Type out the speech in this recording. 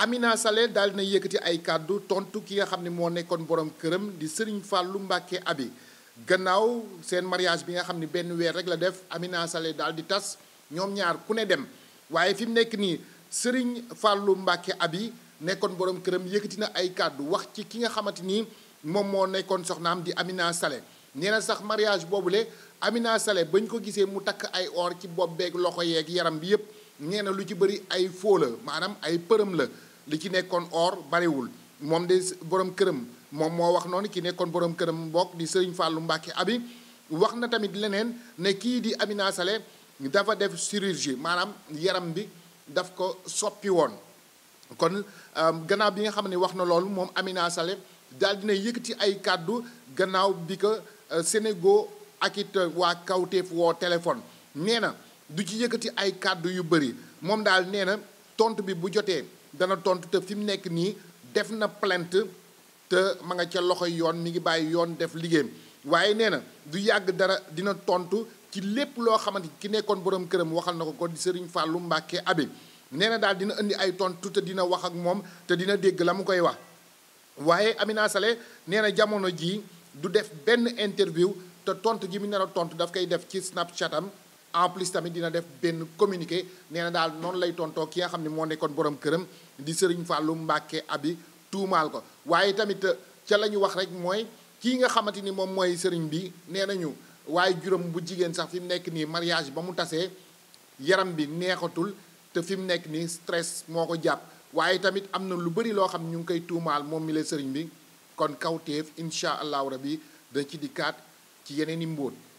Amina Sale daal dina yëkkati ay kàddu tontu ki nga xam ne moo nekkoon borom këram di Serigne Fallou Mbacké Abi gannaaw seen mariage bi nga xam ne benn weer rek la def Amina Sale daal di tas ñoom ñaar ku ne dem waaye fi mu nekk nii Serigne Fallou Mbacké Abi nekkoon borom këram yëkkati na ay kàddu wax ci ki nga xamante ni moom moo nekkoon soxnaam di Amina Sale nee na sax mariage boobule Amina Sale ba ñu ko gisee mu takk ay or ci bopp beeg loxo yeeg yaram bi yëpp nee na lu ci bëri ay faux maanaam ay përëm la. li ci nekkoon or bariwul moom de borom këram moom moo wax noonu ki nekkoon borom këram mbokk di Serigne Fallou Mbacke abi wax na tamit leneen ne kii di Amina Sale dafa def chirurgie maanaam yaram bi daf ko soppi woon kon euh, gannaaw bi nga xam ne wax na loolu moom Amina Sale daal dina yëkkati ay kàddu gannaaw bi ko euh, Sénégal ak it euh, waa kawteef woo téléphone nee na du ci yëkkati ay kàddu yu bari moom daal nee na tontu bi bu jotee dana tontu te fi mu nekk nii def na plainte te ma nga ca loxoy yoon mi ngi bàyyi yoon def liggéeyam waaye nee na du yàgg dara dina tontu ci lépp loo xamante ki nekkoon borom këram waxal na ko ko di Serigne Fallou Mbacké Abe nee na daal dina indi ay tontu te dina wax ak moom te dina dégg la mu koy wax. waaye Amina Sale nee na jamono jii du def benn interview te tontu ji mu nar tontu daf koy def ci Snapchat am. en plus tamit dina def benn communiqué nee na daal noonu lay tontoo ki nga xam ne moo nekkoon borom këram di Serigne Fallou Mbacké abi tuumaal ko waaye tamit euh, ca la ñu wax rek mooy kii nga xamante ni moom mooy Serigne bi nee nañu waaye juróom bu jigéen sax fi mu nekk nii mariage ba mu tasee yaram bi neexatul te fi mu nekk nii stress moo ko jàpp waaye tamit am na lu bari loo xam ñu ngi koy tuumaal moom mi la Serigne bi kon kaw kawteef incha allahu rabi dañ ci dikkaat ci yeneen i mbóot